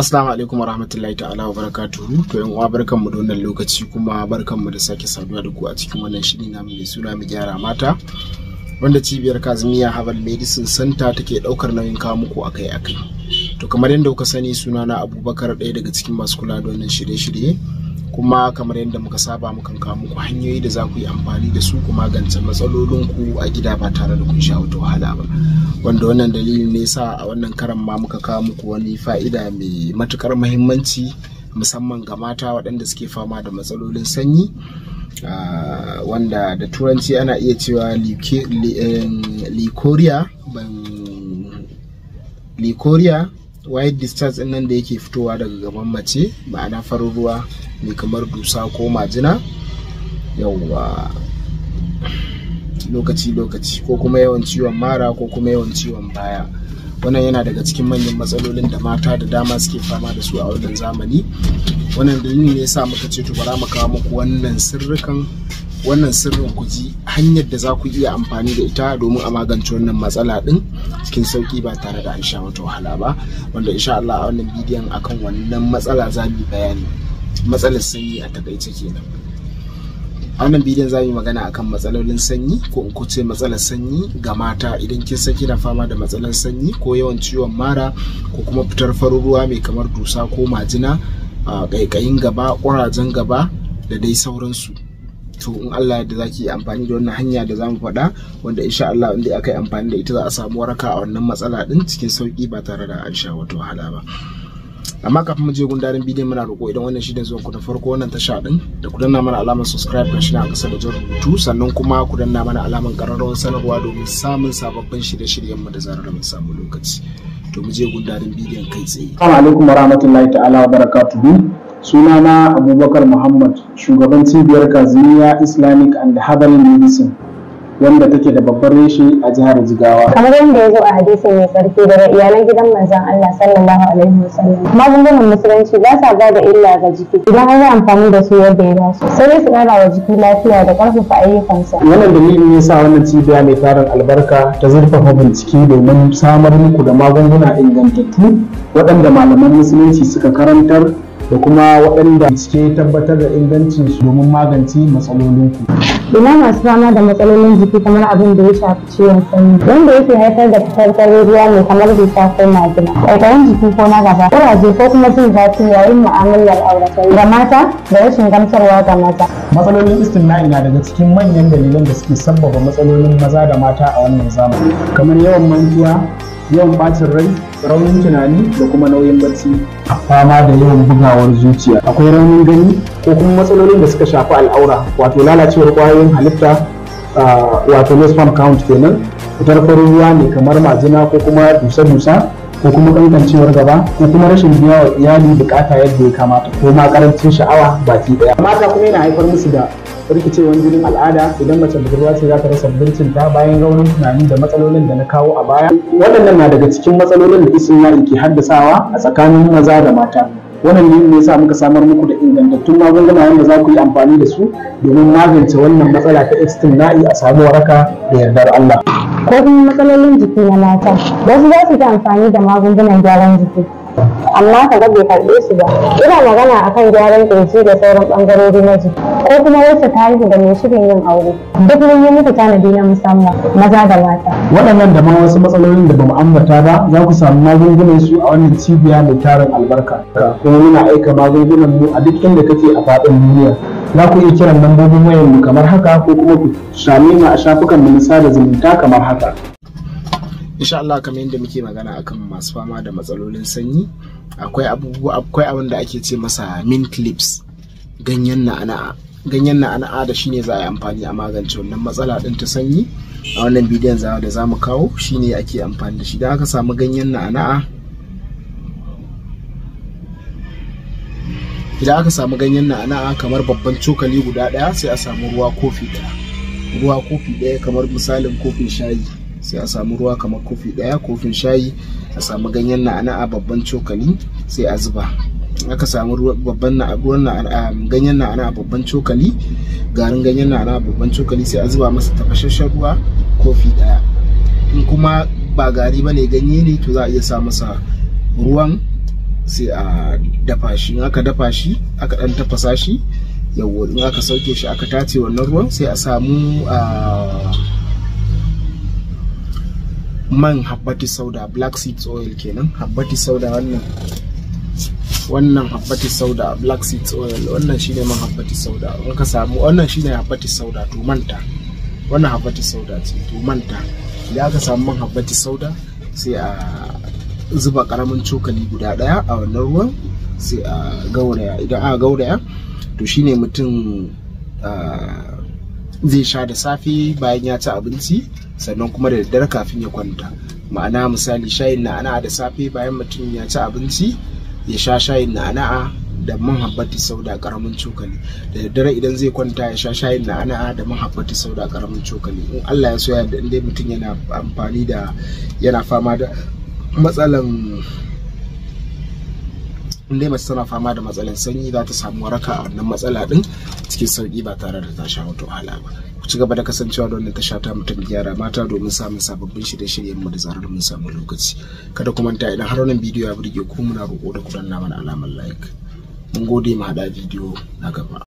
Assalamu alaikum warahmatullahi ta'ala wa barakatuhu to yan uwa barkanmu da wannan lokaci kuma barkanmu da sake saduwa da ku a cikin wannan shiri na mai suna mu gyara mata wanda cibiyar kazmiya Herbal Medicine Center take daukar nauyin kawo muku akai-akai to kamar yadda kuka sani suna na Abubakar ɗaya daga cikin masu kula da wannan shirye-shirye kuma kamar yadda muka saba mukan kamu muku hanyoyi da za ku yi amfani da su ku magance matsalolinku a gida ba tare da kun sha wata wahala ba wanda wannan dalilin ne sa a wannan karan ma muka kawo muku wani fa'ida mai matukar muhimmanci musamman ga mata waɗanda suke fama da matsalolin sanyi wanda da turanci ana iya cewa likoria likoria white discharge nan da yake fitowa daga gaban mace ma'ana farin ruwa mai kamar dusa ko majina yawwa lokaci-lokaci ko kuma yawan ciwon mara ko kuma yawan ciwon baya wannan yana daga cikin manyan matsalolin da mata da dama suke fama da su a wannan zamani wannan dalili ne sa muka ce to bara mu kawo muku wannan sirrikan wannan sirrin ku hanyar da za ku iya amfani da ita domin a magance wannan matsala din cikin sauki ba tare da an sha wata wahala ba wanda insha Allah a wannan bidiyon akan wannan matsala za mu bayani matsalar sanyi a takaice kenan a wannan bidiyon za mu yi magana akan matsalolin sanyi ko in kuce matsalar sanyi ga mata idan kin san kina fama da matsalar sanyi ko yawan ciwon mara ko kuma fitar farin ruwa mai kamar dusa ko majina ƙaiƙayin gaba ƙurajen gaba da dai sauransu to in Allah da zaki yi amfani da wannan hanya da zamu faɗa wanda insha Allah inda aka yi amfani da ita za a samu waraka a wannan matsala ɗin cikin sauki ba tare da an sha wata wahala ba amma kafin mu je gundarin bidiyon muna roƙo idan wannan shirin zuwa ku na farko wannan tasha din da ku danna mana alamar subscribe ga a ƙasa da rubutu sannan kuma ku danna mana alamar ƙararrawar sanarwa domin samun sababbin shirye-shiryen mu da zarar mun samu lokaci to mu je gundarin bidiyon kai tsaye assalamu alaikum warahmatullahi ta'ala wa barakatuhu sunana abubakar muhammad shugaban cibiyar kazimiya islamic and herbal medicine wanda take da babban reshe a jihar Jigawa. Kamar yadda ya zo a hadisi mai tsarki daga iyalan gidan manzan Allah sallallahu alaihi wasallam. Magungunan musulunci ba sa ba da illa ga jiki idan an yi amfani da su yadda ya dace. Sai dai su ƙara wa jiki lafiya da ƙarfafa ayyukansa. Wannan dalilin ya sa wannan cibiya mai tarin albarka ta zurfafa bincike domin samar muku da magunguna ingantattu waɗanda malaman musulunci suka karantar da kuma waɗanda bincike tabbatar da ingancin su domin magance matsalolinku. ina masu fama da matsalolin jiki kamar abin da ya shafi ciwon sanyi wanda yake haifar da fitar ruwa mai kamar bisa ko majina ƙaiƙayin jiki ko na gaba ƙuraje ko kuma jin zafi yayin mu'amalar auratayya ga mata da rashin gamsarwa ga maza matsalolin istimna'i na daga cikin manyan dalilan da suke sabbaba matsalolin maza da mata a wannan zamani kamar yawan mantuwa yawan bacin rai raunin tunani da kuma nauyin barci fama da yawan bugawar zuciya akwai raunin gani ko kuma matsalolin da suka shafi al'aura wato lalacewar kwayoyin halitta wato low sperm count kenan fitar farin ruwa ne kamar majina ko kuma dusa-dusa ko kuma kankancewar gaba ko kuma rashin biya wa iyali bukata yadda ya kamata ko ma karancin sha'awa baki daya mata kuma yana haifar musu da rikicewan jinin al'ada idan mace budurwa ce za ta rasa ta bayan raunin tunani da matsalolin da na kawo a baya waɗannan na daga cikin matsalolin da istimna'i ke haddasawa a tsakanin maza da mata wannan ne yasa muka samar muku da ingantattun magunguna wanda za ku yi amfani da su domin magance wannan matsala ta na'i a samu waraka da yardar Allah ko kuma matsalolin jiki na mata wasu za su yi amfani da magungunan gyaran jiki amma ka ga bai karɓe su ba ina magana akan gyaran kirji da sauran ɓangarori na jiki ko kuma wacce tarihi da mai shirin yin aure duk mun yi muku tanadi na musamman maza da mata waɗannan da ma wasu matsalolin da bamu ambata ba za ku samu magungunan su a wannan cibiya mai tarin albarka kuma muna aika magungunan mu a duk inda kake a faɗin duniya za ku iya kiran lambobin wayan mu kamar haka ko kuma ku same mu a shafukan mu na sada zumunta kamar haka insha Allah kamar yadda muke magana akan masu fama da matsalolin sanyi akwai abubuwa akwai abin da ake ce masa mint lips ganyen na'ana'a ganyen na'ana'a da shine za a yi amfani a magance wannan matsala din ta sanyi a wannan bidiyon za da zamu kawo shine ake amfani da shi da aka samu ganyen na'ana'a idan aka samu ganyen na'ana'a kamar babban cokali guda daya sai a samu ruwa kofi daya ruwa kofi daya kamar misalin kofin shayi sai a samu ruwa kamar kofi daya kofin shayi a samu ganyen na'ana a babban cokali sai a zuba aka samu babban na ah, ganyen na'ana a babban cokali garin ganyen na'ana a babban cokali sai a zuba masa tafashashen ruwa kofi daya in kuma ba gari ba ne ganye ne to za a iya sa masa ruwan sai a dafa shi in aka dafa shi aka ɗan tafasa shi yawo in aka sauke shi aka tace wannan ruwan sai a samu a ah, man habbati sauda black seeds oil kenan habbati sauda wannan wannan habbati sauda black seeds oil wannan shine man habbati sauda in ka samu wannan shine habbati sauda to manta wannan habbati sauda ce to manta idan ka samu man habbati sauda sai a zuba karamin cokali guda daya a wannan ruwan sai a gauraya idan a gauraya to shine mutum ah, zai sha da safe bayan ya ci abinci sannan kuma da daddare kafin ya kwanta ma'ana misali shayin na'ana da safe bayan mutum ya ci abinci ya sha shayin na'ana da sau sauda karamin cokali da daddare idan zai kwanta ya sha shayin na'ana da sau sauda karamin cokali in Allah ya so ya da mutum yana amfani da yana fama da matsalan in dai tana fama da matsalar sanyi za ta samu waraka a wannan matsala din cikin sauki ba tare da ta sha wata wahala ba ku ci gaba da kasancewa da wannan sha ta mutum gyara mata domin samun sababbin shirye-shiryen mu da zarar mun samu lokaci kada ku manta idan har wannan bidiyo ya burge ku muna roƙo da ku danna mana alamar like mun gode mu haɗa bidiyo na gaba